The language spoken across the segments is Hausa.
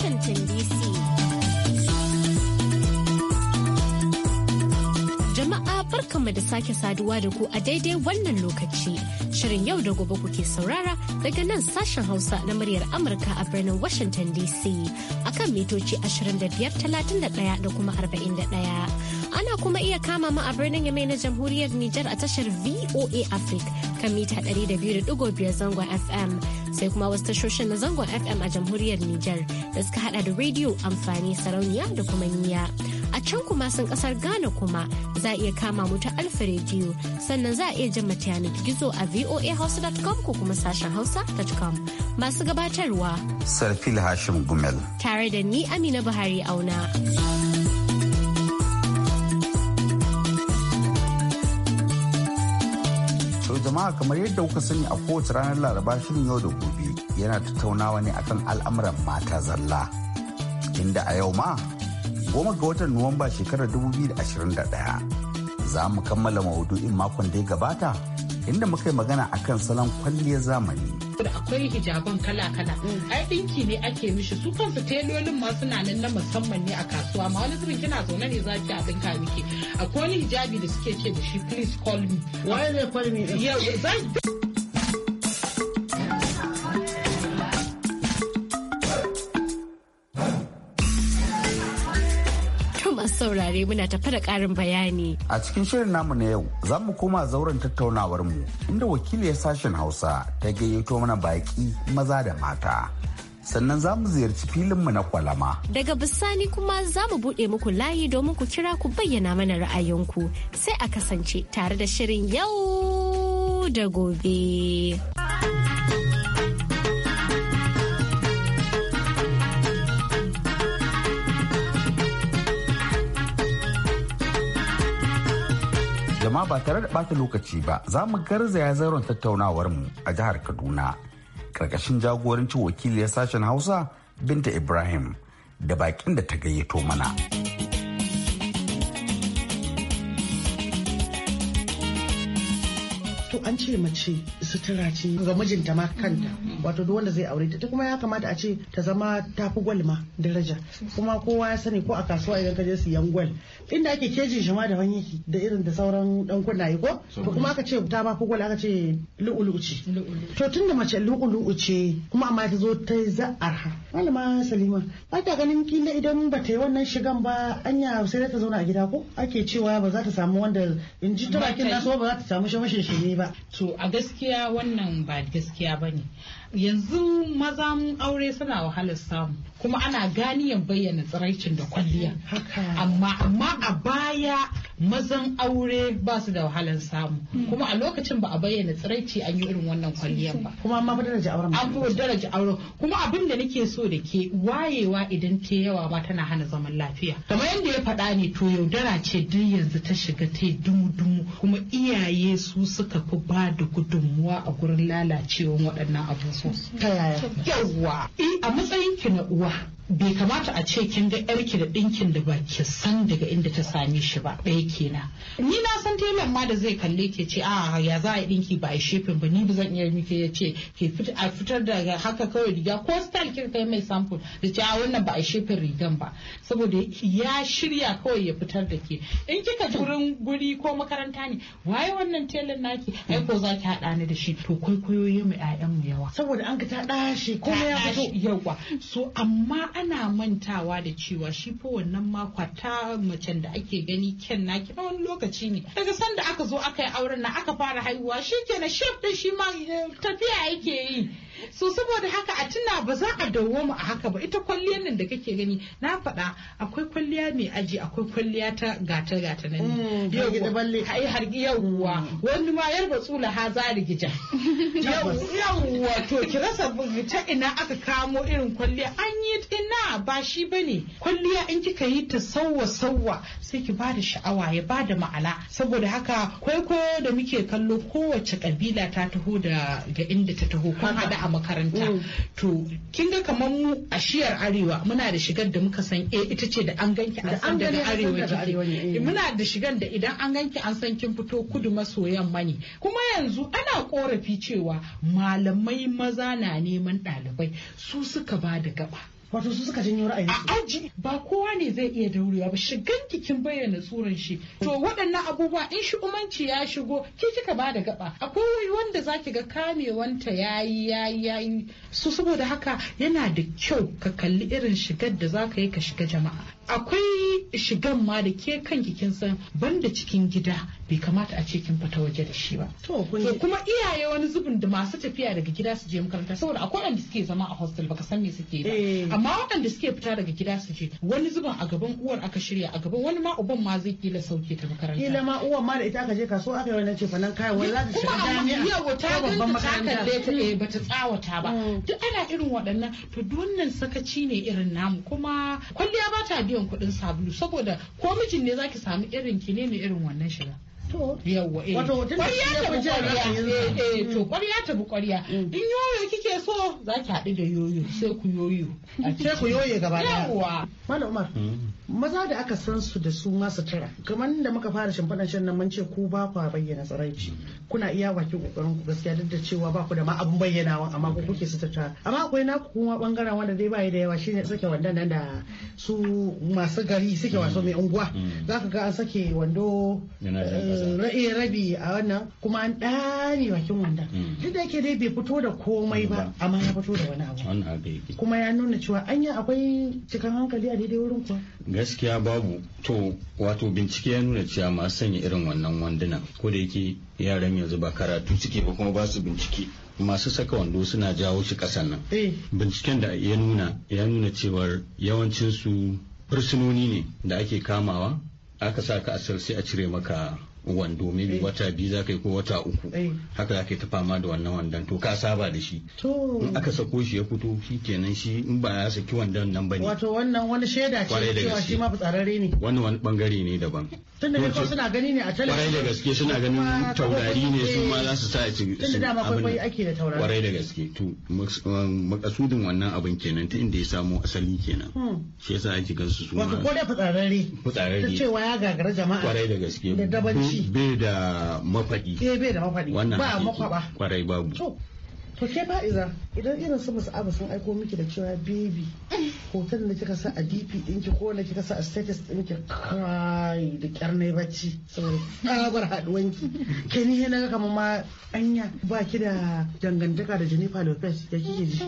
Washington DC. Jama'a barkanmu da sake saduwa da ku a daidai wannan lokaci. Shirin yau da gobe kuke saurara daga nan sashen Hausa na muryar Amurka a birnin Washington DC a kan mitoci 2531 da kuma 41. Ana kuma iya kama mu a birnin Yamai na Jamhuriyar Nijar a tashar VOA Africa kan mita 200.5 zangon FM. sai kuma wasu tashoshin na zangon FM a jamhuriyar Nijar da suka hada da rediyo amfani sarauniya da kuma niya. A can kuma sun kasar Ghana kuma za a iya kama mu ta alfa rediyo sannan za a iya jin mata yanar gizo a voahouse.com ko kuma sashen hausa.com. Masu gabatarwa. Sarfil Hashim Gumel. Tare da ni Amina Buhari auna. jama'a kamar yadda kuka sani a kowace ranar laraba shirin yau da gobe yana tattaunawa ne akan al'amuran mata zalla. Inda a yau ma goma ga watan Nuwamba shekarar 2021 za mu kammala maudu'in makon da ya gabata inda muka yi magana akan salon kwalliyar zamani. akwai hijaban kala-kala mm. ai dinki ne ake mishi su kansu telolin ma suna nan na musamman ne a kasuwa ma wani zubin kina zaune ne za ki a dinka miki akwai wani hijabi da suke ce da shi please call me. ne call me? masu saurare muna tafa da ƙarin bayani. A cikin shirin namu na yau za mu koma zauren tattaunawar mu inda wakili ya sashen Hausa ta gayyato mana baƙi maza da mata. sannan za mu ziyarci mu na kwalama. Daga bisani kuma za mu buɗe muku layi domin ku kira ku bayyana mana ra'ayinku sai a kasance tare da shirin yau da gobe. jama'a ba tare da bata lokaci ba za mu garzaya zaron tattaunawarmu a jihar kaduna ƙarƙashin jagoranci wakiliyar sashen hausa binta ibrahim da bakin da ta gayyato mana. To an ce mace sutura ce ga mijinta ma kanta wato duk wanda zai aure ta kuma ya kamata a ce ta zama tafi gwal ma daraja kuma kowa ya sani ko a kasuwa idan ka je siyan gwal inda ake kejin shi ma wani yake da irin da sauran dan yi ko to kuma aka ce ta ma fi gwal aka ce lu'ulu ce to tunda mace lu'ulu'u ce kuma amma ta zo ta za'ar ha? malama salima ba ta ganin kila idan ba ta yi wannan shigan ba anya sai ta zauna a gida ko ake cewa ba za ta samu wanda in ji ta bakin ba za ta samu shamashin shi ne ba to a gaskiya gaskiya wannan ba gaskiya ba ne yanzu mazan aure suna wahalar samu kuma ana ganiyan bayyana tsiraicin da kwalliya amma amma a baya mazan aure ba su da wahalar samu hmm. kuma a lokacin ba a bayyana tsiraici an yi irin wannan kwalliyar ba kuma amma ba daraja auren an fi daraja auren kuma abin da nake so da ke wayewa idan ta yawa ma tana hana zaman lafiya kamar yadda ya faɗa ne to yaudara ce duk yanzu ta shiga ta yi dumu-dumu kuma iyaye su suka fi ba da gudunmuwa a gurin lalacewa waɗannan abubuwa su ta yaya eh a matsayin ki na uwa bai kamata a ce kin ga yarki da ɗinkin da ba ki san daga inda ta same shi ba ɗaya kenan ni na san telan ma da zai kalle ke ce a ah, ya za a ɗinki ba a shefin ba ni ba zan iya miki ya ce ke a fitar da haka kawai riga ko style kin kai mai sample da ce a ah, wannan ba a shefin rigan ba saboda ya shirya kawai ya fitar da ke in kika wurin guri ko makaranta ne waye wannan telan naki ai ko za ki haɗa ni da shi to kwaikwayoyi mu 'ya'yan mu yawa saboda an ka ta shi komai ya fito yawa so amma ana mantawa da cewa shi fa wannan makwata macen da ake gani kyan na na wani lokaci ne daga sanda aka zo aka yi auren na aka fara haihuwa shi kenan shef da shi ma eh, tafiya yake yi so saboda haka a tuna ba za a mu a haka ba ita kwalliya nan da kake gani na faɗa akwai kwalliya mai aji akwai kwalliya ta gata gata nan yau mm, har yauwa mm. wani ma yarba tsula ha za rigija yauwa to ki rasa ta ina aka kamo irin kwalliya an yi ina ba shi bane kwalliya in kika yi ta sauwa sauwa sai ki bada sha'awa ya bada ma'ana saboda haka kwaikwayo da muke kallo kowace kabila ta taho da ga inda ta taho kun hada makaranta mm. to kin ga kamar mu a shiyar arewa muna da shigar da muka san eh ita ce da an ganki an san daga arewa eh. muna da shigar da idan an ganki an san kin fito kudu maso yamma ne kuma yanzu ana korafi cewa malamai maza na neman ɗalibai su suka ba da gaba wato su suka janyo ra'ayin su aji ba kowa ne zai iya daurewa ba shigan kikin bayyana tsoron shi to waɗannan abubuwa in shi umanci ya shigo ki kika ba da gaba akwai wanda zaki ga kamewanta yayi yayi yayi su saboda haka yana da kyau ka kalli irin shigar da zaka yi ka shiga jama'a akwai shigan ma da ke kanki kin san banda cikin gida bai kamata a ce kin fita waje da shi ba to kuma iyaye wani zubin da masu tafiya daga gida su je makaranta saboda akwai wanda suke zama a hostel baka san me suke ba eh. amma waɗanda suke fita daga gida su je wani zubin a gaban uwar aka shirya a gaban wani ma uban ma zai kila sauke ta makaranta kila ma uwar ma da ita aka je kasuwa aka yi wannan ce falan kayan wani za ta shiga jami'a yawa ta babban makaranta ta eh bata tsawata ba mm. duk ana irin waɗannan to duk wannan sakaci ne irin namu kuma kwalliya ba ta biyan kuɗin sabulu saboda ko mijin ne zaki samu irin ki ne irin wannan shiga yawwa eh wato tun ta tabi ƙwarya eh to ƙwarya tabi ƙwarya mm. in yoyo kike so za ki haɗu da yoyo sai ku yoyo sai ku yoyo gaba daya yawwa mana umar mm. maza da aka san su da su masu tara kamar da muka fara shimfiɗan shan nan mun ce ku ba ku bayyana tsaraici kuna iya baki kokarin ku gaskiya duk da cewa ba ku da ma abun bayyanawa amma ku kuke tara amma akwai naku kuma bangaren wanda dai bai da yawa shine sake wanda nan da su masu gari suke wasu mai unguwa mm. za ka ga an sake wando Eh, rabi a wannan kuma an ɗani bakin wanda hmm. duk da yake dai bai fito da komai ba hmm. amma ya fito da wani abu kuma ya nuna cewa an yi akwai cikin hankali a daidai wurin kuwa gaskiya babu to wato bincike ya nuna cewa masu sanya irin wannan wanduna ko da yake yaran yanzu ba karatu suke ba kuma ba su bincike masu saka wando suna jawo shi kasan nan eh. binciken da ya nuna ya nuna cewar yawancinsu fursunoni ne da ake kamawa aka sa ka asir sai a cire maka wando maybe eh. wata biyu za ka yi ko wata uku eh. haka za ka yi ta fama da wannan wandon to ka saba da shi in aka sako shi ya fito shi kenan shi in ba ya saki wandon nan ba ne. wato wannan wani shaida ce cewa shi ma fitsararre ne wannan wani bangare ne daban tunda ne ko suna gani ne a talabijin kwarai da gaske suna ganin taurari ne su ma eh. za su sa su tunda dama kwakwai ake da taurari kwarai da gaske to um, makasudin wannan abin kenan ta inda ya samo asali kenan hmm. shi yasa ake gansu su wato ko da fitsararre fitsararre ta cewa ya gagara jama'a kwarai da gaske da dabanci shi bai da mafaɗi eh bai da mafaɗi ba makwaba kwarai babu to to ke fa'iza idan irin su sun aiko miki da cewa baby hoton da kika sa a dp ɗinki ko wanda kika sa a status ɗinki kai da kyar bacci saboda ke ni na ga kamar ma anya ba ki da dangantaka da jennifer lopez da kike ji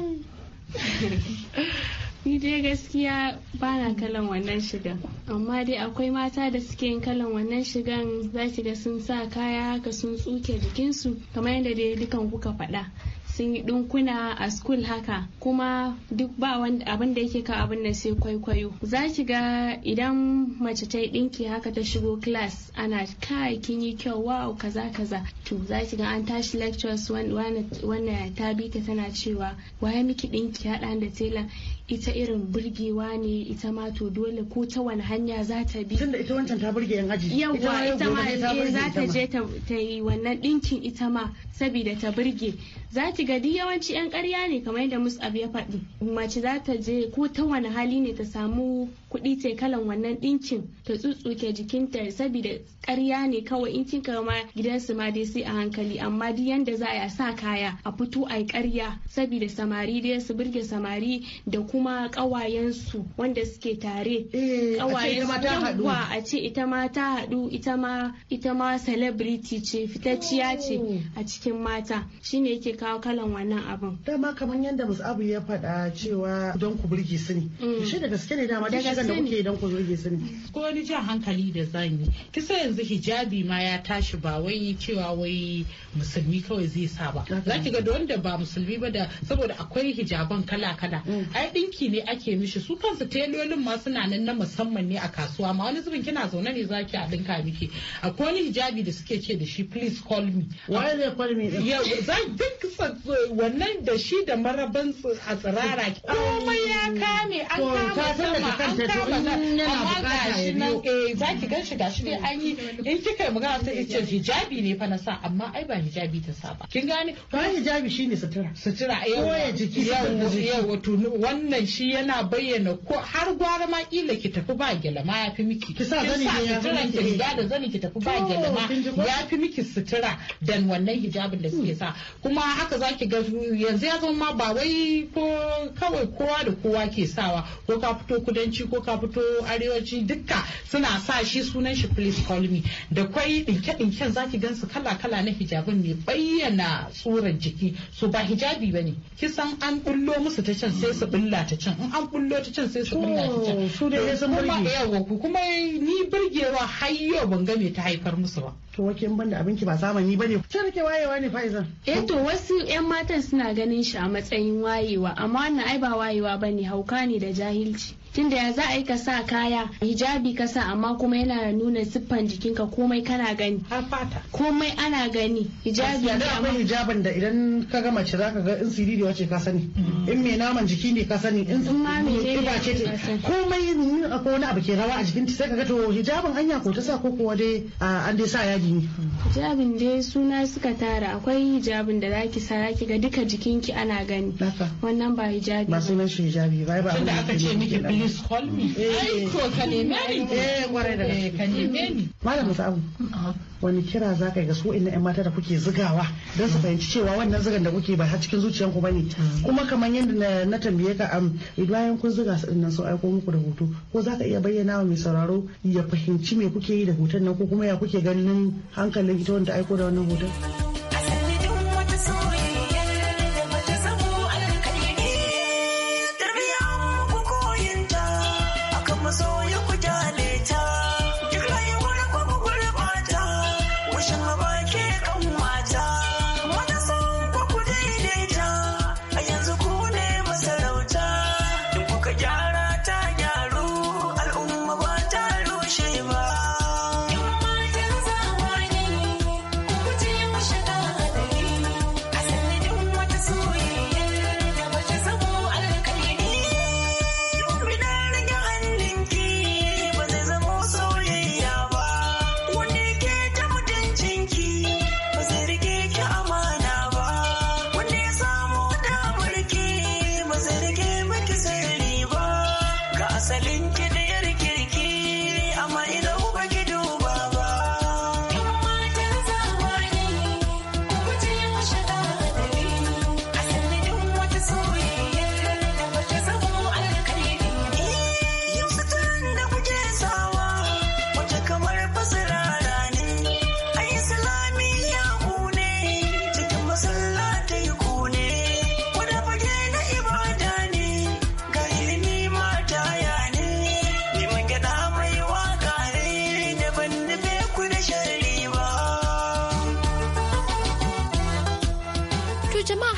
ni dai gaskiya ba na kalan wannan shigan amma dai akwai mata da suke yin kalan wannan shigan za ki ga sun sa kaya haka sun tsuke jikinsu kamar yadda dai dukan kuka faɗa sun yi ɗinkuna a school haka kuma duk ba abin da yake ka abin da sai kwaikwayo za ki ga idan mace ta yi ɗinki haka ta shigo class ana kai kin yi kyau wow kaza kaza to za ki ga an tashi lectures wannan ta bi ta tana cewa waye miki ɗinki haɗa da tela ita irin burgewa ne ita ma to dole ko ta wani hanya za ta bi tunda ita wancan ta burge yan aji yawa ita ma eh, za ta je ta yi wannan dinkin ita ma saboda ta burge za ta ga duk yawanci yan karya ne kamar yadda musab ya faɗi mace za ta je ko ta wani hali ne ta samu kuɗi ta kalan wannan dinkin ta tsutsuke jikinta saboda karya ne kawai in kinka ma gidansu ma dai sai a hankali amma duk yanda za a sa kaya a fito a yi karya saboda samari dai su burge samari da kuma kawayensu wanda suke tare kawayensu eh, a ce ita ma ta haɗu ita ma ita ma celebrity ce fitacciya ce oh. a cikin mata shine yake kawo kalan wannan abin dama kamar yadda abu ya faɗa cewa don ku burge su ne mm. shi da gaske ne dama duk shigan da kuke don ku burge su ne ko wani jan hankali da zan yi kisa yanzu hijabi ma ya tashi ba wai cewa wai musulmi kawai zai sa ba za ki ga da wanda ba musulmi ba da saboda akwai hijaban kala kala mm. ai ɗinki ne ake mishi su kansu telolin ma suna nan na musamman ne a kasuwa ma wani zubin kina zaune ne za a ɗinka miki akwai wani hijabi da suke ce da shi please call me wai ne call me za duk wannan da shi da maraban a tsirara komai ya kame an kama sama an kama amma shi nan eh, za ki gan shi shi? dai an yi in kika magana sai ce hijabi ne fa na sa amma ai ba hijabi ta sa ba kin gane ba hijabi shine sutura sutura eh ko ya wannan wannan shi yana bayyana ko har gwara ma kila ki tafi ba gyalama ya fi miki ki zani ne ya fi riga da zani ki tafi ba ya fi miki sutura dan wannan hijabin da suke sa kuma haka zaki ga yanzu ya zama ba wai ko kawai kowa da kowa ke sawa ko ka fito kudanci ko ka fito arewaci dukka suna sa shi sunan shi please call me da kwai dinke dinken zaki gansu kala kala na hijabin mai bayyana tsurar jiki su ba hijabi bane kisan an bullo musu ta can sai su bulla ta can in an kullo ta can sai su kulla ta can su da sun burge yawa eh, kuma ni burgewa har yau ban ga me ta haifar musu ba to wake ban da abinki ba zamani bane ku rike wayewa ne faizan eh to wasu yan matan suna ganin shi a matsayin wayewa amma wannan ai ba wayewa bane hauka ne da jahilci tunda ya za a yi ka sa kaya hijabi ka sa amma kuma yana nuna siffan jikinka komai kana gani komai ana gani hijabi da akwai hijabin da idan ka ga mace zaka ga in da wace ka sani in mai naman jiki ne ka sani in ma mai kiba ce komai nuna akwai wani abu ke rawa a jikinta sai ka ga to hijabin anya ko ta sa ko kuwa dai an dai sa yaji ne hijabin dai suna suka tara akwai hijabin da zaki sa zaki ga duka jikinki ana gani wannan ba hijabi ba sunan shi hijabi ba ba aka ce miki please eh, eh. ka neme ni eh kwarai eh, wani kira za ka yi ga su na yan mata da kuke zigawa don su fahimci cewa wannan zigar da kuke ba cikin zuciyanku ba ne mm. kuma kamar yadda na tambaye ka am um, bayan kun ziga su dinnan sun aiko muku da hoto ko za ka iya bayyana wa mai sauraro ya fahimci me kuke yi da hoton nan ko kuma ya kuke ganin hankalin ita wanda aiko da wannan hoton.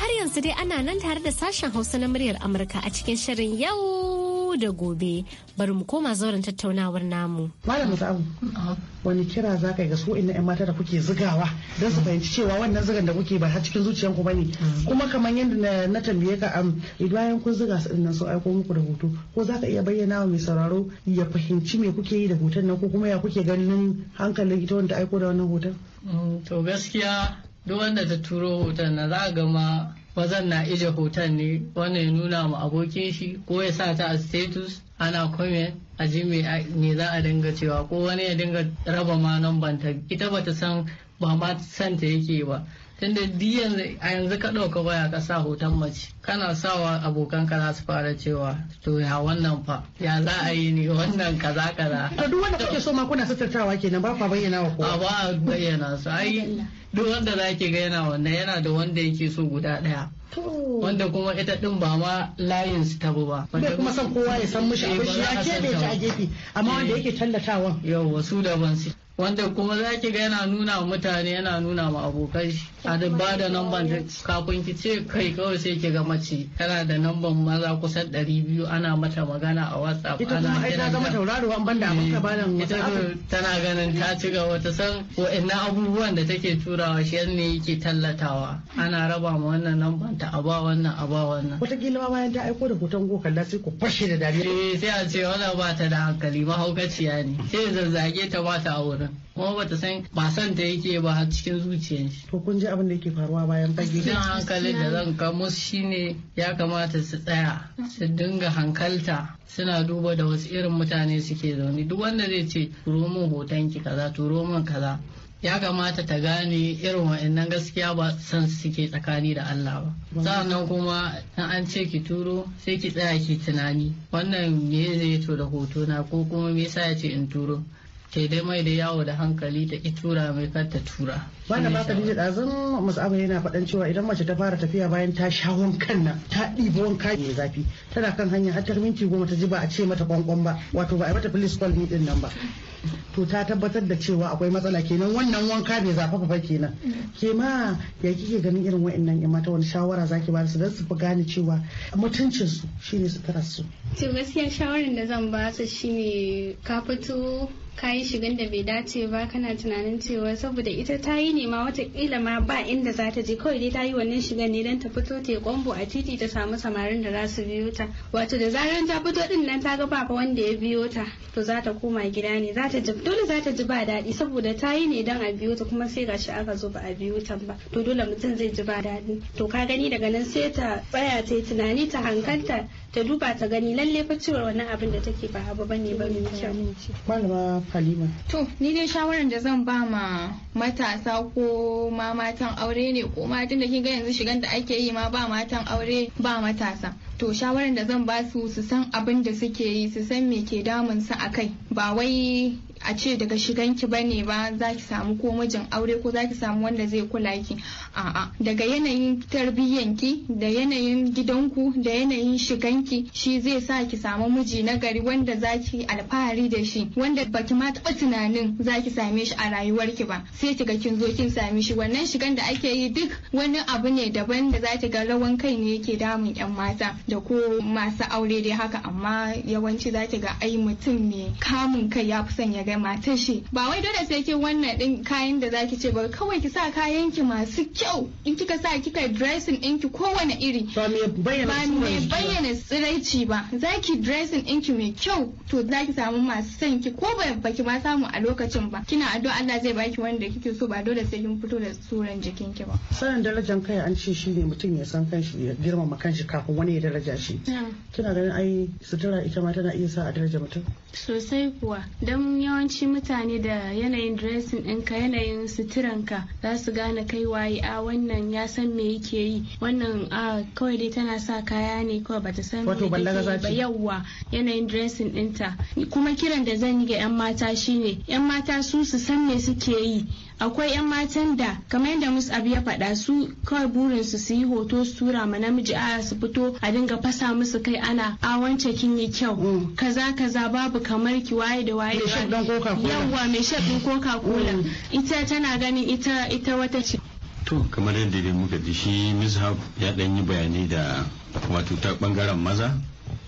har yanzu dai ana nan tare da sashen Hausa na muryar Amurka a cikin shirin yau da gobe. Bari mu koma zauren tattaunawar namu. Malam Zamu, wani kira za ka yi ga su 'yan mata da kuke zigawa don su fahimci cewa wannan zigan da kuke ba har cikin zuciyanku ba ne. Kuma kamar yadda na tambaye ka am bayan kun ziga su dinnan sun aiko muku da hoto ko za ka iya bayyana wa mai sauraro ya fahimci me kuke yi da hoton nan ko kuma ya kuke ganin hankalin ita wanda aiko da wannan hoton. Mm, to gaskiya duk wanda ta turo hoton na za ga ma wazan na ije hoton ne wanda ya nuna ma abokin shi ko ya sa ta a status ana comment a ji me za a dinga cewa ko wani ya dinga raba ma nan ita ita bata san ba ma san ta yake ba tunda yanzu a yanzu ka ɗauka baya ka sa hoton mace kana sawa abokan ka za su fara cewa to ya wannan fa ya za a yi ne wannan kaza kaza to duk wanda kake so ma kuna sassartawa kenan ba fa bayyana wa kowa ba bayyana su ai duk wanda zaki ga yana wannan yana da wanda yake so guda ɗaya wanda kuma ita din ba ma layin su tabo ba bai kuma san kowa ya san mishi abin shi ya eh, keɓe shi a gefe amma wanda eh. yake tallatawa yau wasu ban su wanda kuma za ki ga yana nuna wa mutane yana nuna ma abokai a da ba da namban kafin ki ce kai kawai sai ki ga mace tana da namban maza kusan ɗari biyu ana mata magana a whatsapp kuma ai ta an banda abinka balan eh, ita tana ganin ta ci gaba ta san wa'annan abubuwan da take turawa shi ne yake tallatawa ana raba ma wannan namban ta a ba wannan a ba wannan wataƙila ma bayan ta aiko da hoton kalla sai ku fashe da dariya eh sai a ce wannan ba ta da hankali mahaukaciya ne sai zazzage ta ba ta a wurin kuma ba ta san ba san ta yake ba har cikin zuciyar shi to kun ji abin da yake faruwa bayan fage Cikin hankalin da zan ka musu shine ya kamata su tsaya su dinga hankalta suna duba da wasu irin mutane suke zaune duk wanda zai ce turo min hoton ki kaza turo min kaza ya kamata ta gane irin wa'annan gaskiya ba san suke tsakani da Allah ba sa'annan kuma in an ce ki turo sai ki tsaya ki tunani wannan me zai to da hoto na ko kuma me yasa ya ce in turo ke dai mai da yawo da hankali ta ki tura mai kar ta tura wanda ba ka ji dazun musabu yana faɗan cewa idan mace ta fara tafiya bayan ta sha wankan nan ta ɗiba wanka mai zafi tana kan hanya har minti goma ta ji ba a ce mata kwankwan ba wato ba a mata police call din nan ba to ta tabbatar da cewa akwai matsala kenan wannan wanka bai zafafa ba kenan ke ma ya kike ganin irin wa'annan ya mata wani shawara zaki ba su dan su fi gane cewa mutuncin su shine su tara su to gaskiya shawaran da zan ba su shine ka fito ka yi shigan da bai dace ba kana tunanin cewa saboda ita ta yi nema watakila ma ba inda za ta je kawai dai ta yi wannan shigan ne don ta fito ta kwambo a titi ta samu samarin da za su biyo ta wato da zaran ta fito din nan ta ga baba wanda ya biyo ta to za ta koma gida ne za ta ji dole za ta ji ba daɗi saboda ta yi ne don a biyo ta kuma sai gashi aka zo ba a biyo ta ba to dole mutum zai ji ba daɗi to ka gani daga nan sai ta tsaya ta yi tunani ta hankalta ta duba ta gani lalle fa cewar wannan abin da take ba abu bane ba mai kyau halima to ni dai shawaran da zan ba ma matasa ko ma matan aure ne ko ma tun da ga yanzu shigan da ake yi ma ba matan aure ba matasa to shawaran da zan ba su su san abin da suke yi su san me ke damun su kai ba wai a ce daga shiganki bane ba za ki samu ko mijin aure ko za ki samu wanda zai kula ki a'a daga yanayin ki da yanayin gidanku da yanayin shigan ki shi zai sa ki samu miji na gari wanda za ki alfahari da shi wanda baki ma taɓa tunanin za ki same shi a rayuwarki ba sai ki ga kin zo kin same shi wannan shigan da ake yi duk wani abu ne daban da za ki ga rawan kai ne yake damun yan mata da ko masu aure dai haka amma yawanci za ki ga ai mutum ne kamun kai ya fi son ya ga da shi ba wai dole sai kin wannan din kayan da zaki ce ba kawai ki sa kayan ki masu kyau in kika sa kika dressing din ki kowane iri ba mai bayyana tsiraici ba zaki dressing din ki mai kyau to zaki samu masu san ki ko ba baki ma samu a lokacin ba kina addu'a Allah zai baki wanda kike so ba dole sai kin fito da suran jikin ki ba sanin darajar kai an ce shi ne mutum ya san kanshi ya girmama kanshi kafin wani ya daraja shi hmm. kina ganin ai sutura ita ma tana iya sa a daraja mutum sosai kuwa don yawan yawanci mutane da yanayin dressing ɗinka yanayin suturanka za su gane kai waye a ah, wannan ya san me yake yi wannan a ah, kawai dai tana sa kaya ne kawai bata san me yake ba yawwa yanayin dressing ɗinta kuma kiran da zan yi ga 'yan mata shine 'yan mata su su san me suke yi akwai 'yan matan da kamar yadda abu ya faɗa su kawai burin su su yi hoto su tura ma namiji a su fito a dinga fasa musu kai ana a wancan kin yi kyau mm. kaza kaza babu kamar ki waye da waye yawa mai shaɗin koka kola ita tana ganin ita ita wata ce to kamar yadda dai muka ji shi mishab ya ɗan yi bayanai da wato ta bangaren maza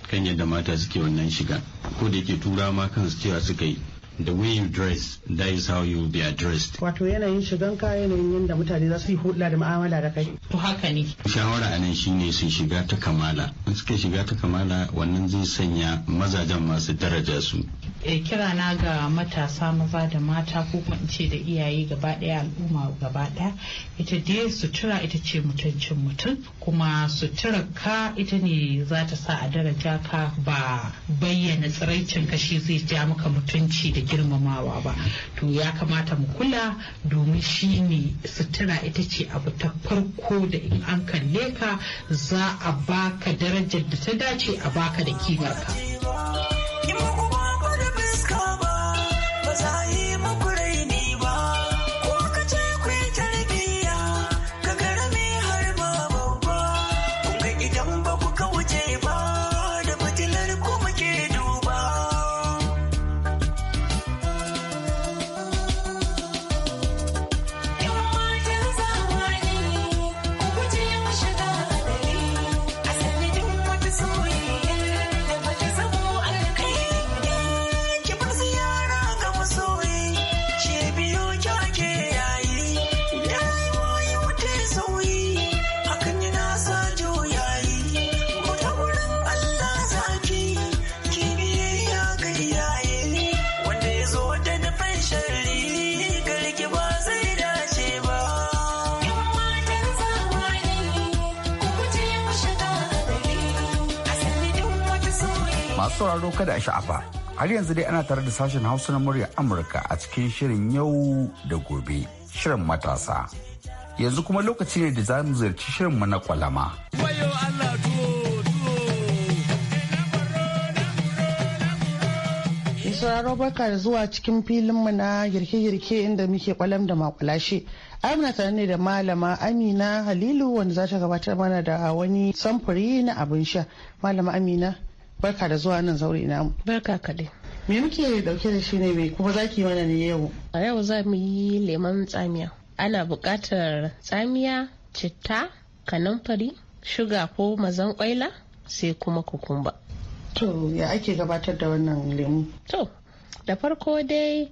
kan yadda mata suke wannan shiga ko da yake tura ma kansu cewa suka yi the way you dress that is how you will be addressed wato yanayin shigan ka yanayin yadda mutane za su yi hulɗa da mu'amala da kai to haka ne shawara anan shine su shiga ta kamala in suka shiga ta kamala wannan zai sanya mazajen masu daraja su e, kira na ga matasa maza da mata ko kuma ce da iyaye gaba daya al'umma gaba daya ita dai sutura ita ce mutuncin mutum kuma sutura ka ita ne za ta sa a daraja ka ba bayyana tsiraicin ka shi zai ja maka mutunci da girmamawa ba to ya kamata mu kula domin shi ne sutura ita ce abu ta farko da in an kalle ka za a baka darajar da ta dace a baka da kimarka. sauraro kada a sha'afa. Har yanzu dai ana tare da sashen Hausa na murya Amurka a cikin shirin yau da gobe, shirin matasa. Yanzu kuma lokaci ne da za mu ziyarci shirinmu na kwalama. sauraro baka da zuwa cikin filin mu na girke-girke inda muke kwalam da makulashe. Amina tare ne da malama Amina Halilu wanda za ta gabatar mana da wani samfuri na abin sha. Malama Amina. barka da zuwa nan zaure ina mu barka ka me muke dauke da shi ne me kuma zaki mana ne yau a yau za mu yi lemon tsamiya ana buƙatar tsamiya citta kanamfari shuga ko mazan kwaila sai kuma kukumba to ya ake gabatar da wannan lemu to da farko dai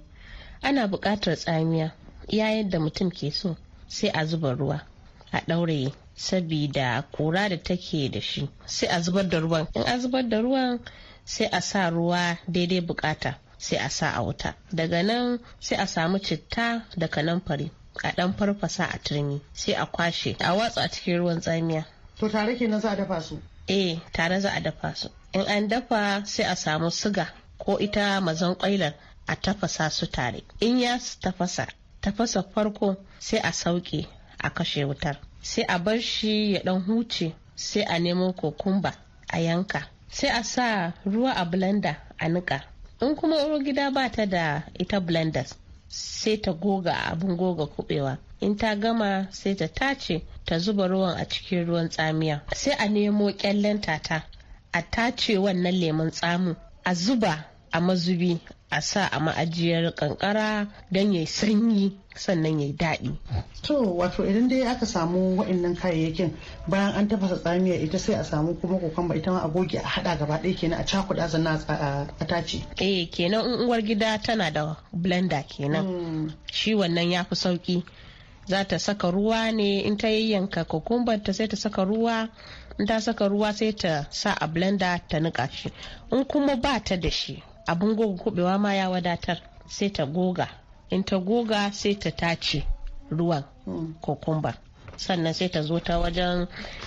ana buƙatar tsamiya yayin da mutum ke so sai a zuba ruwa a ɗauraye sabida kura da take da shi sai a zubar da ruwan in a zubar da ruwan sai a sa ruwa daidai bukata sai a sa a wuta daga nan sai a samu citta da kanamfari a dan farfasa a turmi sai a kwashe a watsa cikin ruwan tsamiya to tare kenan za a dafa su eh tare za a dafa su in an dafa sai a samu suga ko ita mazan kwailar a tafasa su tare in ya tafasa tafasa farko sai a sauke a kashe wutar sai a bar shi ya dan huce sai a nemo kokumba a yanka sai a sa ruwa a blender a nika in kuma uro gida ba ta da ita blenders sai ta goga abin goga kubewa in ta gama sai ta tace ta zuba ruwan a cikin ruwan tsamiya sai a nemo kyallen tata a tace wannan lemun tsamu a zuba a mazubi a sa a ma'ajiyar kankara don ya sanyi sannan ya daɗi. To wato idan dai aka samu wa'annan kayayyakin bayan an tafasa tsamiya ita sai a samu kuma kokumba ita ma a goge a haɗa gaba ɗaya kenan a cakuɗa sannan a tace. Eh kenan in uwar gida tana da blender kenan. Hmm. Shi wannan ya fi sauki. Za ta saka ruwa ne in ta yayyanka kokumbar ta sai ta saka ruwa in ta saka ruwa sai ta sa a blender ta niƙa shi. In kuma ba ta da shi abin goga kubewa ma ya wadatar sai ta goga in ta goga sai ta tace ruwan hmm. kokumba sannan sai ta zo ta wajen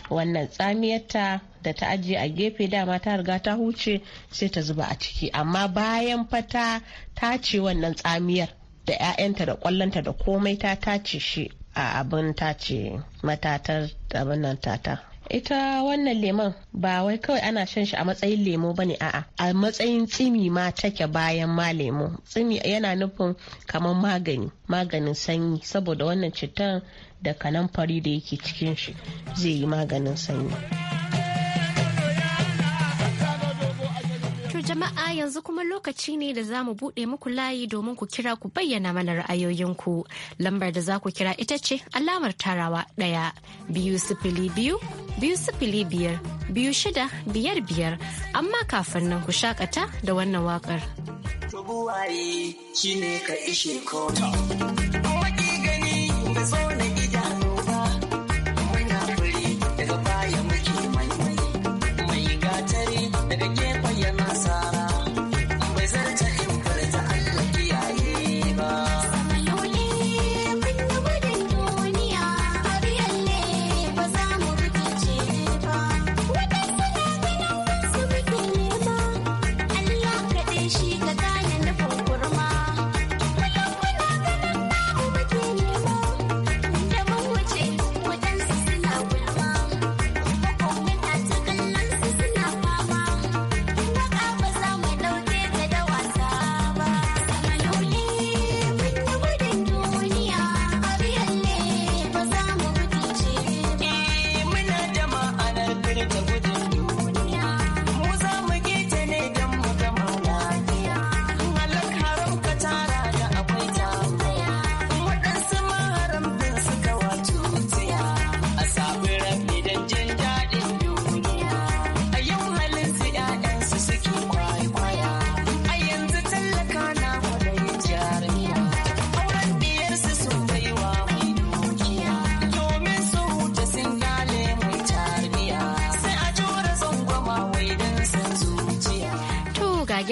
wannan tsamiyarta da ta ajiye a gefe dama ta riga ta huce sai ta zuba a ciki amma bayan fata tace wannan tsamiyar da 'ya'yanta da kwallonta da komai ta tace shi a abin tace matatar abin nan tata ita wannan lemon ba wai kawai ana shan shi a matsayin lemo ne a'a a matsayin tsimi ma take bayan ma lemo tsimi yana nufin kamar magani maganin sanyi saboda wannan citan da kanan fari da yake cikin shi zai yi maganin sanyi. Jama'a yanzu kuma lokaci ne da za mu buɗe muku layi domin ku kira ku bayyana mana ra'ayoyinku. Lambar da za ku kira ita ce alamar tarawa ɗaya biyu sifili biyu biyu sifili biyar biyu shida biyar biyar amma kafin nan ku shakata da wannan wakar Rubuwaye shi ne ka ishe kota.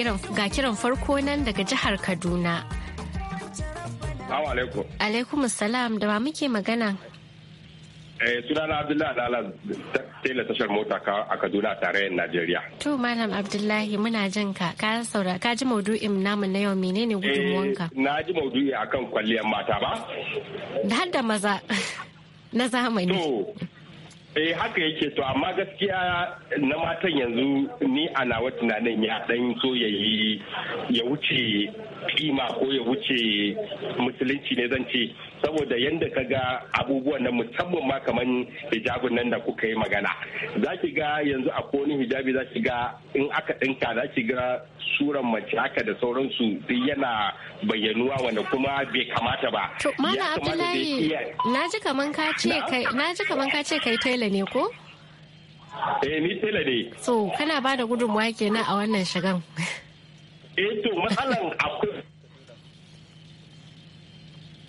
ga kiran farko nan daga jihar Kaduna. alaikum. salam da ba muke magana. Eh, sunana Abdullahi Lala tela tashar mota a Kaduna tare tarayyar Najeriya. To Malam Abdullahi muna jin ka ka saura ka ji maudu'in namu na yau menene gudunmuwanka? Eh, na ji maudu'i akan kwalliyar mata ba. Da har da maza na zamani. To eh haka yake to amma gaskiya na matan yanzu ni a nawa tunanin ya dan so ya wuce kima ko ya wuce musulunci ne zan ce saboda yadda ka ga abubuwan nan musamman ma kamar hijabin nan da kuka yi magana za ki ga yanzu a wani hijabi za ki ga in aka dinka? za ki ga suran mace haka da sauransu duk yana bayyanuwa wanda kuma bai kamata ba to mala abdullahi Na ji ka ka ce kai taila ne ko eh ni taila ne so kana ba da gudunmuwa kenan a wannan shigan eh to matsalan akwai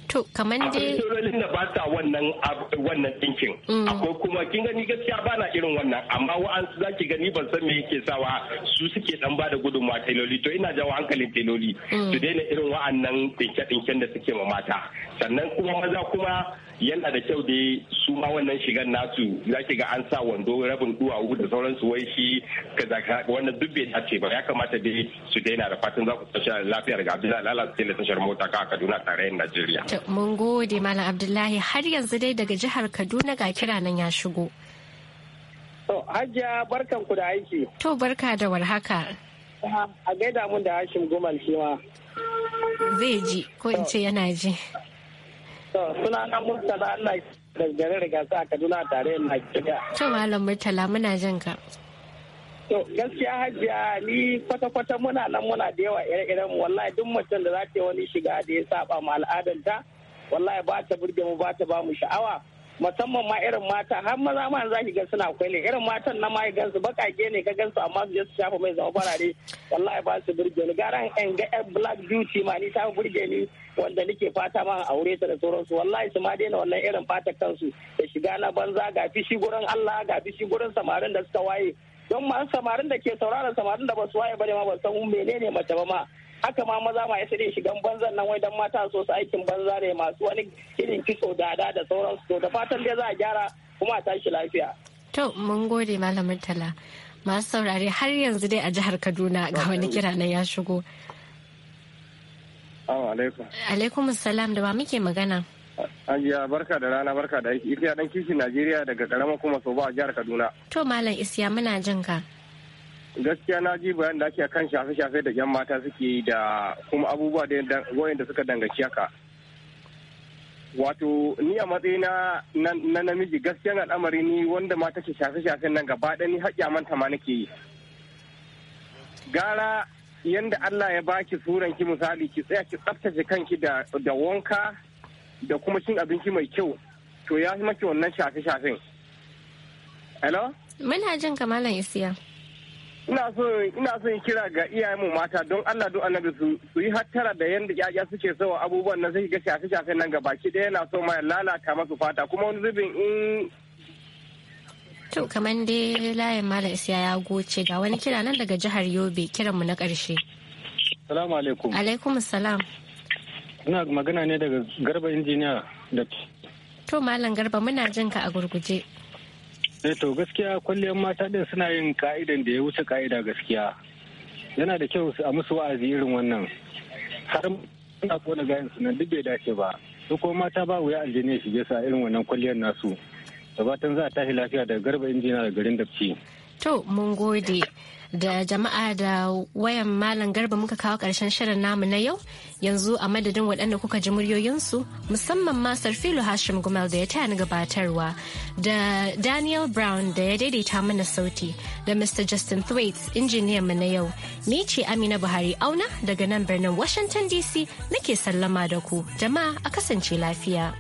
To kamar dai da ba ta wannan wannan dinkin. Mm. Akwai kuma kin gani gaskiya ba na irin wannan amma wa'ansu zaki gani ban san me yake sawa su suke dan da gudunmawa tailoli to ina jawo hankalin tailoli mm. su daina irin wa'annan dinke-dinken da suke ma mata. Sannan kuma maza kuma yana da kyau dai su ma wannan shigan nasu za ki ga an sa wando rabin duwawu da sauransu wai shi kaza wannan duk bai dace ba ya kamata dai su daina da fatan za ku tashi lafiyar ga Abdullahi Lala sai da tashar mota ka Kaduna da Najeriya. Mun gode Malam Abdullahi har yanzu dai daga jihar Kaduna ga kira nan ya shigo. To Hajiya barkan ku da aiki. To barka da warhaka. A gaida mun da Hashim Gumal shi ma. Zai ji ko in ce yana ji. Suna na Murtala da a Kaduna tare To Malam Murtala muna jin ka. To gaskiya hajiya ni kwata-kwata muna nan muna da yawa ire-iren wallahi duk mutum da za ta wani shiga da ya saba ma al'adanta wallahi ba ta burge mu ba ta ba mu sha'awa. musamman ma irin mata har maza ma za ki ga suna ne irin matan na ma su bakake ne ka gansu amma su je su shafa mai zama farare wallahi ba su burge ni garan in ga 'yar black beauty ma ni ta burge ni wanda nake fata ma aure ta da sauransu wallahi su ma daina wannan irin fata kansu da shiga na banza ga fishi gurin Allah ga fishi gurin samarin da suka waye don ma samarin da ke sauraron samarin da ba su waye bane ma ba san menene mace ba ma haka ma maza ma yasa shigan banzan nan wai dan mata so su aikin banza ne masu wani irin kitso dada da sauransu to da fatan dai za a gyara kuma a tashi lafiya to mun gode malamin tala masu saurare har yanzu dai a jihar kaduna ga wani kira nan ya shigo alaikum salam da ba muke magana ajiya barka da rana barka da aiki isiya dan kishi Najeriya daga karama kuma so ba a jihar Kaduna. To Malam Isiya muna jin ka. gaskiya na ji bayan da ake kan shafe-shafe da yan mata suke da kuma abubuwa da wayanda suka danganci haka wato ni a matsayina na namiji gaskiyan al'amari ni wanda mata ke shafe-shafe nan gaba ɗaya ni haƙƙi manta ma nake yi gara yanda Allah ya baki suran ki misali ki tsaya ki tsaftace kanki da wanka da kuma cin abinci mai kyau to ya fi maki wannan shafe-shafen hello muna jin kamalan isiya ina so ina son kira ga iyayenmu mata don Allah don annabi su su yi hattara da yanda yaya suke sawa abubuwan nan sai ga shafe shafe nan ga baki ɗaya na so ma ya lalata masu fata kuma wani zubin in to kaman dai layin malam isya ya goce ga wani kira nan daga jihar Yobe kiran mu na karshe. assalamu alaikum. Alaikum salam. Ina magana ne daga garba injiniya da To Malam Garba muna jin ka a gurguje. eh to gaskiya kwalliyar mata din suna yin ka'idan da ya wuce ka'ida gaskiya yana da kyau a musu wa'azi irin wannan har suna kona gayan su nan duk bai dace ba su kuma mata ba wuya aljini shige su a irin wannan kwalliyar nasu gabatan za a tashi lafiya daga garba injina da garin dabci to mun gode da jama'a da wayan malam garba muka kawo karshen shirin namu na yau yanzu a madadin waɗanda kuka ji muryoyinsu musamman masar filo hashim gumel da ya taya ni gabatarwa da daniel brown da ya daidaita mana sauti da mr justin thwaites injiniyan mu na yau ni ce amina buhari auna daga nan birnin washington dc nake sallama da ku jama'a a kasance lafiya.